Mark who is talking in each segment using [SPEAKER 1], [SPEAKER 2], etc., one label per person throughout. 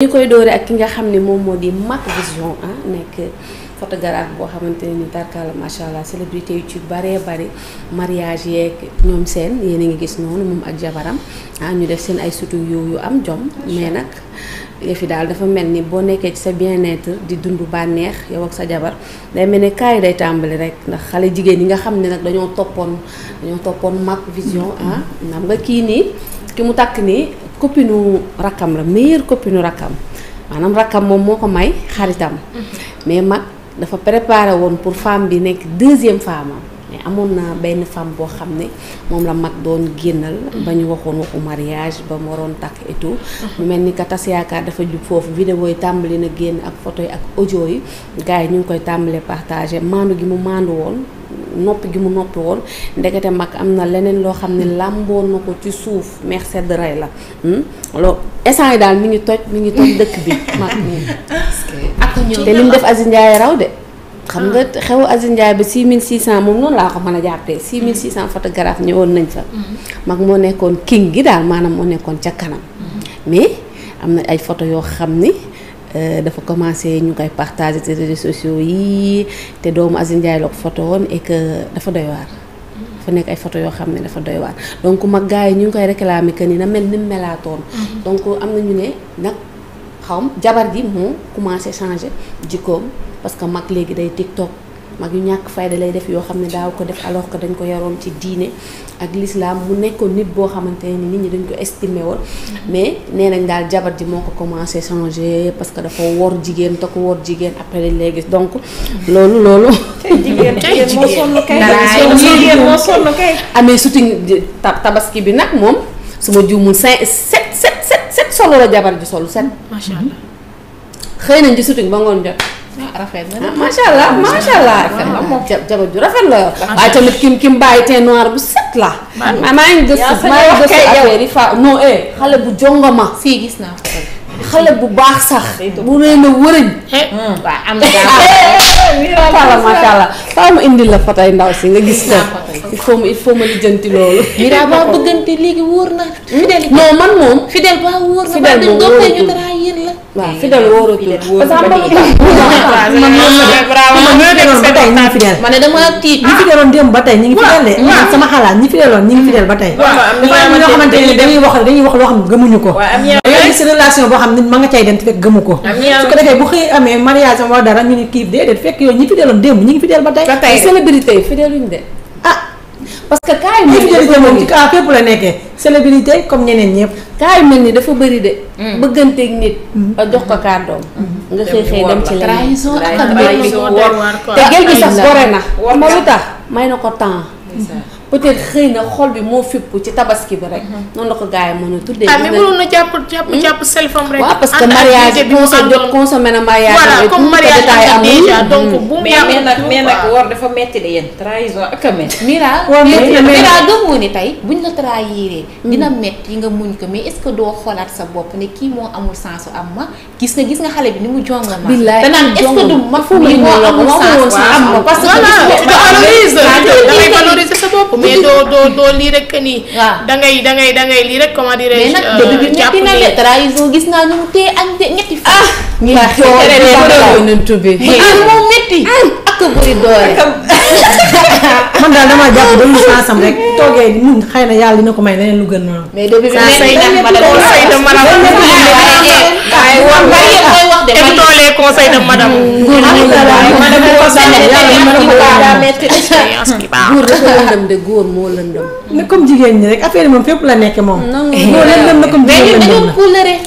[SPEAKER 1] ñu koy doore ak ki nga xam ne moom moo di Mak Vision ah nekk photographe boo xamante ne ni tarkala macha allah célébrité yu ci baree bari mariage yeeg ñoom seen yéen a ngi gis noonu moom ak jabaram ah ñu def seen ay sutu yu yu am jom mais nag fi daal dafa mel ni boo nekkee ci sa bien-être di dundu bànneex yow ak sa jabar day mel ne kaay day tàmbali rek ndax xale jigéen yi nga xam ne nag dañoo toppoon dañoo toppoon Mak Vision ah nga kii nii ki mu takk nii copinu rakkam la meilleure copinu rakkam maanaam rakkam moom moo ko may xaritam. Mhm. mais mag dafa préparer woon pour femme bi nekk deuxième femme am mais amoon na benn femme boo xam ne moom la mag doon génnal. Mhm. ba ñu waxoon waxu mariage ba mu waroon takk et mhm. mu mel ni que tas yaakaar dafa jub foofu vidéo yi tàmbali na génn ak photo yi ak audio yi gars yi ñu ngi koy tàmbalee partagé maandu gi mu maandu woon. noppi gi mu noppi woon ndekete mag am na leneen loo xam ne làmboon na ko ci suuf meex sedd rey la hmm? loo instant yi daal mi ngi toj mu ngi toj dëkk bi mag nii te li mu def Aziz Ndiaye raw de xam nga ah. xew Aziz mil ba 6600 moom noonu laa ko mën a jàppee 6600 hmm. photographe ñëwoon nañ fa hmm. mag moo nekkoon king gi daal maanaam moo nekkoon ca kanam mais am na ay photo yoo xam ni Euh, dafa commencé ñu koy partager les réseaux sociaux yi te doomu photo et que dafa doy waar. fa nekk ay photo yoo dafa donc mag gars ñu koy que ni na mhm. donc am ñu ne nag xaw jabar moo changer jikkoom parce que mag day TikTok. mag yu ñak fayda lay def yo xamne ne daaw ko def alors que dañ ko yaroon ci diine ak l'islam mu nekkoon nit bo xamanteni nit ñi dañ ko estimé woon mais nee nañ daal jabar di moko commencer changer parce que dafa wor jigen tok wor jigen après dañ lay donc lolu lolu jigéen jigéen moo kay jigéen moo sonn kay amee shooting tabaski bi nag moom suma juumul cinq 7 7 sept sept solo la jabar ji solu sept macha allah xëy nañ ci shooting ba ngon jot Ah, rafet na ah, macha allah ah, macha allah rafet na moom jabar ju rafet la waaye tamit kim kim bàyyi teint noir bu set la maa ngi gëstu maa ngi gëstu affaire yi fa non eh, xale bu jongoma fii gis naa xale bu baax sax bu nee na wërëñ eh, hmm. eh, indi la fotoy ndaw si nga gis ko il ma lijjanti loolu Mira baa bëggante léegi wóor na hmm? Fidèle non man moom Fidèle baa wóor na baa dañ doon ñu dara yéen waaw fidèle wóoratul parce que na fidèle ma ngi ah. fidèle xalaat ñi fidèloon ñi ngi fidèle ba tey am ñoo xamante wax dañuy wax loo xam ne gëmuñu ko boo xam ne ma nga cay dem te fekk gëmu ko su ko defee bu xëy amee mariage am wala dara ñu ni kii déedéet fekk yooyu ñi fidèloon démb ñi ngi fidèle ba tey célébrité yi fidèluñ de parce que cas yu mel nii dafa bëri ah, la nekkee célébrité comme ñeneen ñëpp. cas yu mel nii dafa bëri de. Mm. bëgganteeg nit. Mm. jox ko mm. kàddoom. nga xëy xëy dem ci leneen. trahison ak ak te gel bi sax gore na. war lu tax may na ko temps. peut-être xëy na xol bi moo fipp ci tabaski bi rek. Mhm. noonu la ko gars yi mën a tuddee. ah mais mënoon na jàpp jàpp hmm? jàpp selfam rek. waaw parce que mariage bi consommé consommé na mariage. voilà comme mariage bi déjà donc hmm. bu mu mais nag mais nag war dafa metti de yéen trahison ak a metti. Mira Mira gëmoo ni tey buñ la trahiree. Hmm. dina metti nga muñ ko mais est-ce que doo xoolaat sa bopp ne kii moo amul sensu am ma gis nga gis nga xale bi ni mu jonga ma. billaay est-ce que du ma fu mu moo amul sensu am ma parce que. voilà valoriser sa bopp mais doo doo doo lii rek nii. waaw ah. da ngay da ngay da ngay lii rek comment dirais je. mais nag euh, na de trahison gis naa ñu mu téye añ de ñetti fan. ah ñu ngi bi moom métti. Ah. ak bëri doole. man daal damaa jàpp ba mu sansam rek toogee mun xëy na yàlla dina ko may leneen lu gën noonu. mais dëgg bi conseil de madame. góor lëndëm de góor moo lëndëm. na comme jigéen ñi rek affaire moom fépp la nekke moom. non lëndëm na comme jigéen lëndëm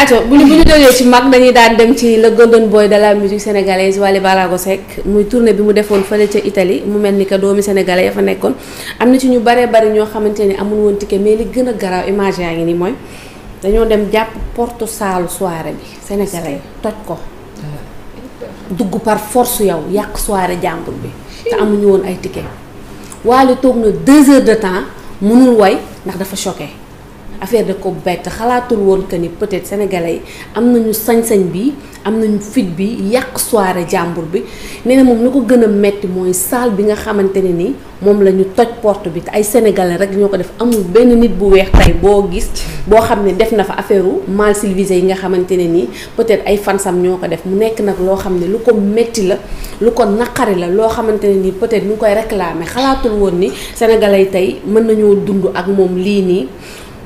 [SPEAKER 1] ato bu ñu bu ñu jógee ci mag dañuy daan dem ci le golden boy de la musique sénégalaise Wally Ballago Seck muy tournée bi mu defoon fële ca Italie mu mel ni que doomi sénégalais ya fa nekkoon am na ci ñu baree bari ñoo xamante ni amul woon ticket mais li gën a garaaw image yaa ngi nii mooy dañoo dem jàpp porte saalu soirée bi sénégalais toj ko dugg par force yow yàq soirée jàmbur bi te amuñu woon ay ticket waale toog na deux heures de temps mënul way ndax dafa choqué affaire da ko bett xalaatul woon que ni peut-être am nañu sañ-sañ bi am nañu fit bi yàq soirée jàmbur bi nee na moom lu ko gën a metti mooy salle bi nga xamante ne ni moom la ñu toj porte bi ay sénégalais rek ñoo ko def amul benn nit bu weex tey boo gis boo xam ne def na fa affaire mal civilisé yi nga xamante ne nii peut-être ay fansam ñoo ko def mu nekk nag loo xam ne lu ko metti la lu ko naqari la loo xamante ne nii peut-être ñu ngi koy réclamer xalaatul woon ni sénégalais tey mën nañoo dund ak moom lii nii.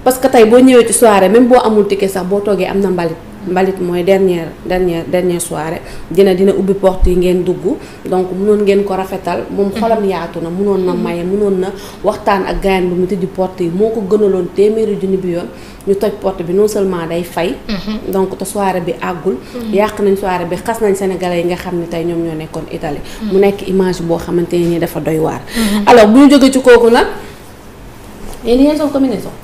[SPEAKER 1] parce que tey boo ñëwee ci soirée même boo amul ticket sax boo toogee am na mbalit mbalit mooy dernière dernière dernière soirée dina dina ubbi porte yi ngeen dugg donc munoon ngeen ko rafetal moom mhm. xolam yaatu na munoon na mhm. maye munoon na waxtaan ak gaayan bi mu tëddi porte yi moo ko gënaloon téeméeri junni bi yoon ñu toj porte bi non seulement day fay mhm. donc te bi àggul yàq nañ soirée bi xas nañ sénégalais yi nga xam ne tey ñoom ñoo nekkoon Italie mu nekk image boo xamante ne ni dafa doy waar alors bu ñu jógee ci kooku nag yéen yéen soog commune soog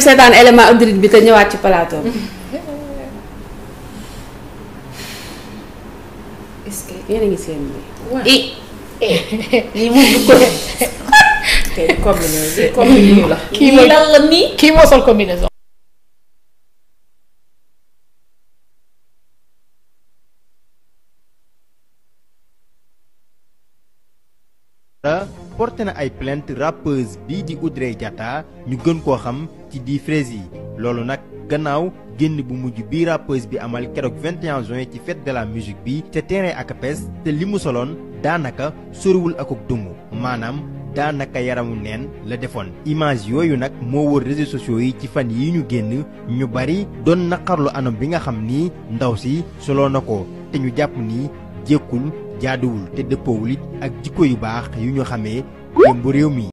[SPEAKER 1] dem seetaan élément audit bi te ñëwaat ci plateau bi. est kii moo sol combinaison. porté na ay plainte rappeuse bii di Oudrey Diatta ñu gën koo xam ci di fraise yi loolu nag gannaaw génn bu mujj bii rappeuse bi amal keroog 21 juin ci fête de la musique bi te terrain ACAPES te li mu soloon daanaka soriwul akuk dumu maanaam daanaka yaramu neen la defoon image yooyu nag moo wër réseaux sociaux yi ci fan yi ñu génn ñu bari doon naqarlu anam bi nga xam ni ndaw si soloon na ko te ñu jàpp ni jékkul jaaduwul te dëppoowul it ak jikko yu baax yu ñu xamee démb réew mi